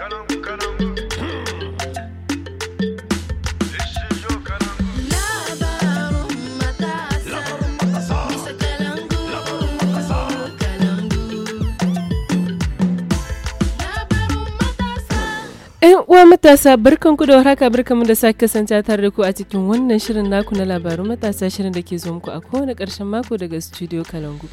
Calango, calango. uwa matasa barkan ku da haka barkan mu da sake kasance tare da ku a cikin wannan shirin naku na labarun matasa shirin da ke zo muku a kowane karshen mako daga studio Kalangu.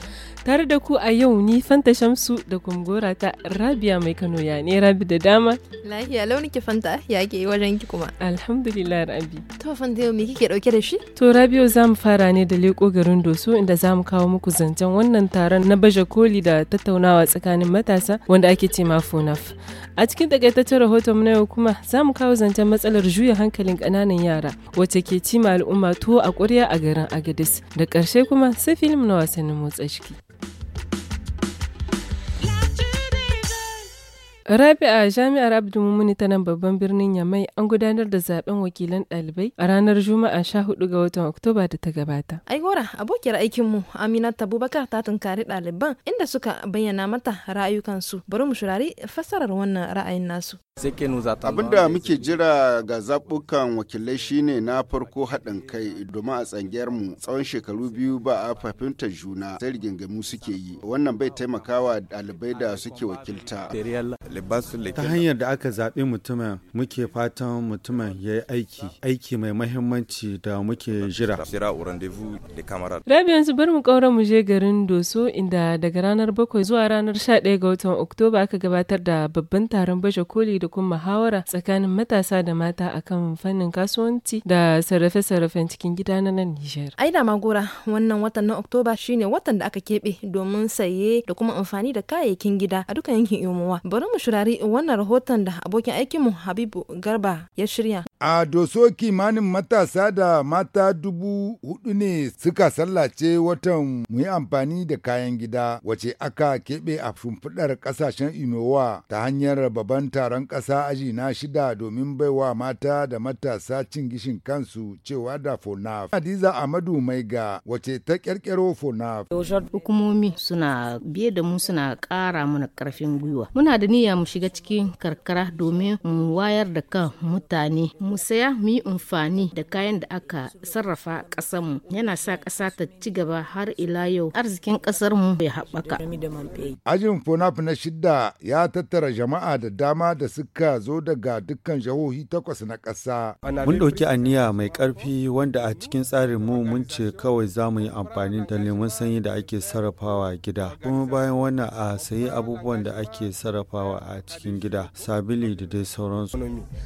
Tare da ku a yau ni Fanta Shamsu da kumbura ta Rabia mai Kano ya ne Rabi da dama. lafiya launi ki Fanta ya ke wajen ki kuma. Alhamdulillah Rabi. To Fanta yau me kike dauke da shi? To Rabiu za mu fara ne da leko garin Doso inda za mu kawo muku zancen wannan taron na baje koli da tattaunawa tsakanin matasa wanda ake ce ma FUNAF. A cikin takaitaccen rahoton na yau kuma za mu kawo zancen matsalar juya hankalin ƙananan yara wacce ke cima al'umma tuwo a ƙuri'a a garin Agadis. Da ƙarshe kuma sai filim na wasannin motsa jiki. Rabi'a Jami'ar Mumuni ta nan babban birnin Yamai an gudanar da zaben wakilan ɗalibai a ranar Juma'a 14 ga watan Oktoba da ta gabata. Ai gora abokiyar aikinmu amina Tabubakar ta tunkari ɗaliban inda suka bayyana mata ra'ayukansu. Bari mu shirari fassarar wannan ra'ayin nasu. Abin da muke jira ga zaɓukan wakilai shine na farko haɗin kai domin a tsangiyar mu tsawon shekaru biyu ba a fahimtar juna sai rigingamu suke yi wannan bai taimakawa ɗalibai da suke wakilta. ta hanyar da aka zaɓi mutumin muke fatan mutumin ya yi aiki aiki mai mahimmanci da muke jira rabi yanzu bar mu ƙaura mu je garin doso inda daga ranar 7 zuwa ranar 11 ga watan oktoba aka gabatar da babban taron baje koli da kuma muhawara tsakanin matasa da mata akan fannin kasuwanci da sarrafe-sarrafen cikin gida na nan nijar ai da magora wannan watan na oktoba shine watan da aka keɓe domin saye da kuma amfani da kayayyakin gida a dukkan yankin yomowa bari mu turare wannan rahoton da abokin aikinmu Habibu Garba ya shirya. A doso kimanin matasa da mata dubu hudu ne suka sallace watan mu yi amfani da kayan gida wace aka keɓe a shimfiɗar ƙasashen inowa ta hanyar babban taron ƙasa aji na shida domin baiwa mata da matasa cin gishin kansu cewa da FONAF. Hadiza Amadu Maiga wace ta ƙirƙiro FONAF. Hukumomi suna biye da mu suna ƙara mana ƙarfin gwiwa. Muna da niyya mu shiga cikin karkara domin mu wayar da kan mutane mu saya mu yi amfani da kayan da aka sarrafa mu yana sa ƙasa ta ci gaba har ila yau arzikin mu bai haɓaka ajin fonaf na shidda ya tattara jama'a da dama da suka zo daga dukkan jihohi takwas na ƙasa mun ɗauki aniya mai ƙarfi wanda a cikin tsarin mu mun ce kawai za mu yi amfani da lemun sanyi da ake sarrafawa gida kuma bayan wannan a sayi abubuwan da ake sarrafawa a cikin gida sabili da dai sauransu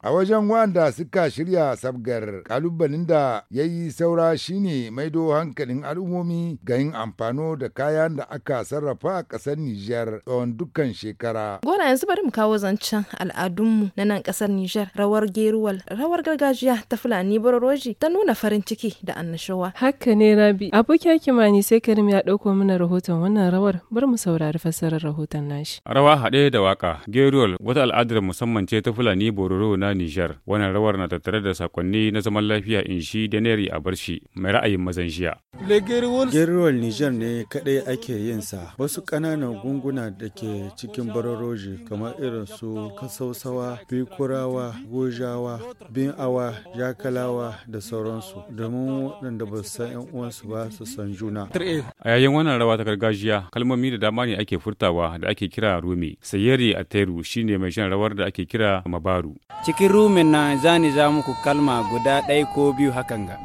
a wajen wanda suka shirya sabgar kalubalen da ya yi saura shine maido hankalin al'ummomi ga yin amfano da kayan da aka sarrafa a ƙasar Nijar tsawon dukkan shekara. Gona yanzu bari mu kawo zancen al'adunmu na nan ƙasar Nijar rawar geruwal rawar gargajiya ta Fulani Bororoji ta nuna farin ciki da annashuwa. Haka ne Rabi abokiya kimani sai Karim ya ɗauko mana rahoton wannan rawar bari mu saurari fassarar rahoton nashi. Rawa haɗe da waka Gerol wata al'adar musamman ce ta Fulani Bororo na Nijar. Wannan rawar na tattare da sakonni na zaman lafiya in shi da Neri a barshi mai ra'ayin mazan jiya. Gerol Nijar ne kadai ake yin sa. Wasu ƙananan gunguna da ke cikin Bororoji kamar irin su kasausawa, bikurawa, gojawa, binawa, jakalawa da sauransu. Domin waɗanda ba su san 'yan uwansu ba su san juna. A yayin wannan rawa ta gargajiya kalmomi da dama ne ake furtawa da ake kira Rumi. Sayeri a Teru shine mai shan rawar da ake kira Mabaru. Cikin rumin na zani za muku kalma guda ɗaya ko biyu hakan ga.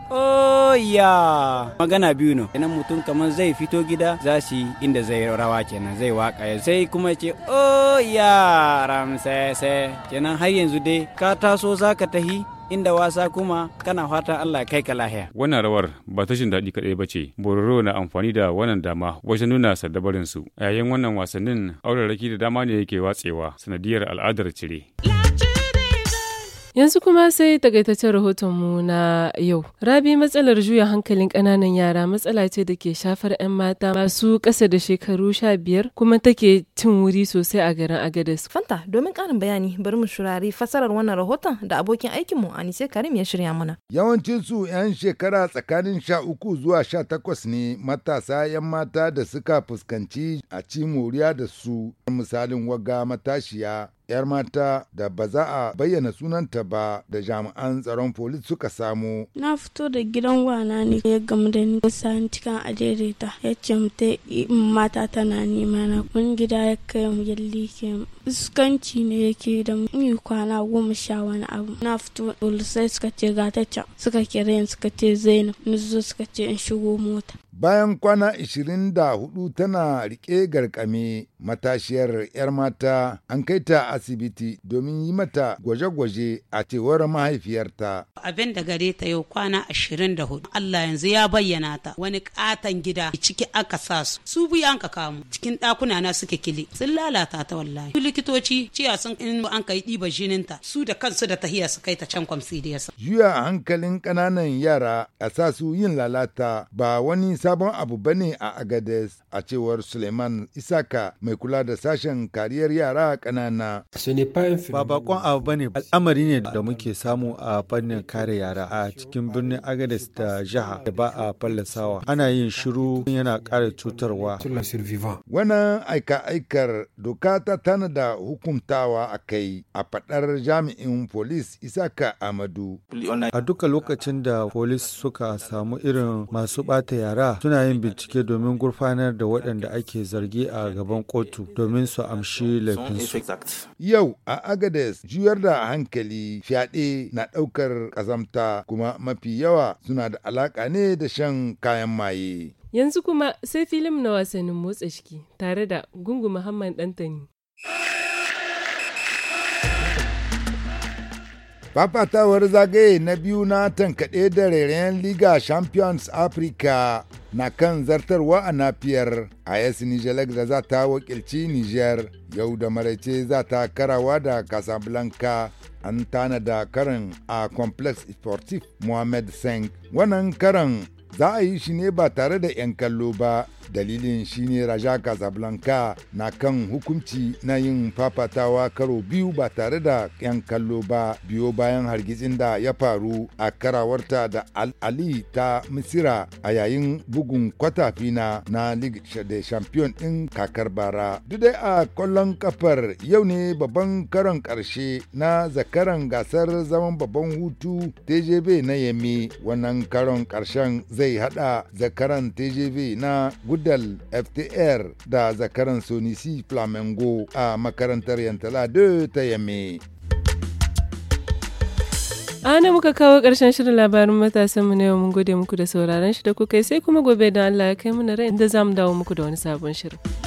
ya magana biyu ne yanan mutum kamar zai fito gida za yi inda zai rawa kenan zai waka sai kuma ce oh ya ramsese kenan har yanzu dai ka taso za ka tahi inda wasa kuma kana fata Allah kai ka lahiya. Wannan rawar ba ta jin daɗi kaɗai ba ce, Bororo na amfani da wannan dama wajen nuna su. A yayin wannan wasannin raki da dama ne yake watsewa sanadiyar al'adar cire. Yanzu kuma sai takaitaccen rahotonmu na yau. Rabi matsalar juya hankalin kananan yara matsala ce da ke shafar 'yan mata masu ƙasa da shekaru sha biyar kuma take cin wuri sosai a garin Agadez. Fanta domin ƙarin bayani bari mu shirari fasarar wannan rahoton da abokin aikinmu Anise Karim ya shirya mana. yawancin su 'yan shekara tsakanin sha uku zuwa sha takwas ne matasa 'yan mata da suka fuskanci a ci moriya da su misalin waga matashiya 'yar mata da ba za a bayyana sunanta ba da jami'an tsaron polis suka samu. Na fito da gidan wana ne ya gamu da ni sa'an cikin ajereta ya ce mata mata tana nema na kun gida ya kai mu yalli ke iskanci ne yake da mu kwana goma sha wani abu. Na fito polisai suka ce ga ta can suka kira suka ce Zainab ni zo suka ce in shigo mota. Bayan kwana 24 tana rike garkame matashiyar 'yar mata an kai ta asibiti domin yi mata gwaje-gwaje a cewar mahaifiyarta. Abin da gare ta yau kwana ashirin da hudu Allah yanzu ya bayyana ta wani katon gida ciki aka sa su su biyu an ka kamu cikin ɗakuna na suke kili sun lalata ta wallahi. Likitoci ciya sun in an kai ɗiba ta su da kansu da tahiya su kai ta can kwamsi da yasa. Juya hankalin ƙananan yara a sa su yin lalata ba wani sabon abu bane a Agades a cewar Suleiman Isaka mai kula da sashen kariyar yara ƙanana. Ba bakon abu ba ne al'amari ne da muke samu a fannin kare yara a cikin birnin Agadez da jiha da ba a fallasawa. Ana yin shiru yana ƙara cutarwa. Wannan aika-aikar doka ta tana da hukuntawa a kai a faɗar jami'in polis Isaka Amadu. A duka lokacin da polis suka samu irin masu ɓata yara suna yin bincike domin gurfanar da waɗanda ake zargi a gaban kotu domin su amshi laifinsu. Yau a Agades juyar da hankali fyaɗe na ɗaukar ƙazamta kuma mafi yawa suna da alaƙa ne da shan kayan maye. Yanzu kuma sai filim na wasannin motsa shiki tare da Gungu Muhammad Dantani. fafatawar zagaye na biyu na tankaɗe da rairayen liga champions africa na kan zartarwa a nafiyar is nijalek da za ta wakilci niger yau da maraice za ta karawa da casablanca an tana da karin a complex sportif mohamed seng wannan karin. za a yi shi ne ba tare da 'yan kallo ba dalilin shine raja casablanca na kan hukunci na yin fafatawa karo biyu ba tare da 'yan kallo ba biyo bayan hargitsin da ya faru a karawarta da al ali ta misira a yayin bugun kwatafina na league da champion din kakar bara duk dai a kwallon kafar yau ne babban karon karshe na zakaran gasar zaman babban hutu tjb na yemi wannan karon karshen zai zai hada zakaran tgv na gudal ftr da zakaran sonisi flamengo a makarantar yantala 2 ta yame a ana muka kawo ƙarshen shirin labarin matasanmu na yau mun gode muku da sauraron shi da kuka sai kuma gobe da Allah ya kai mu na rai da za mu dawo muku da wani sabon shirin.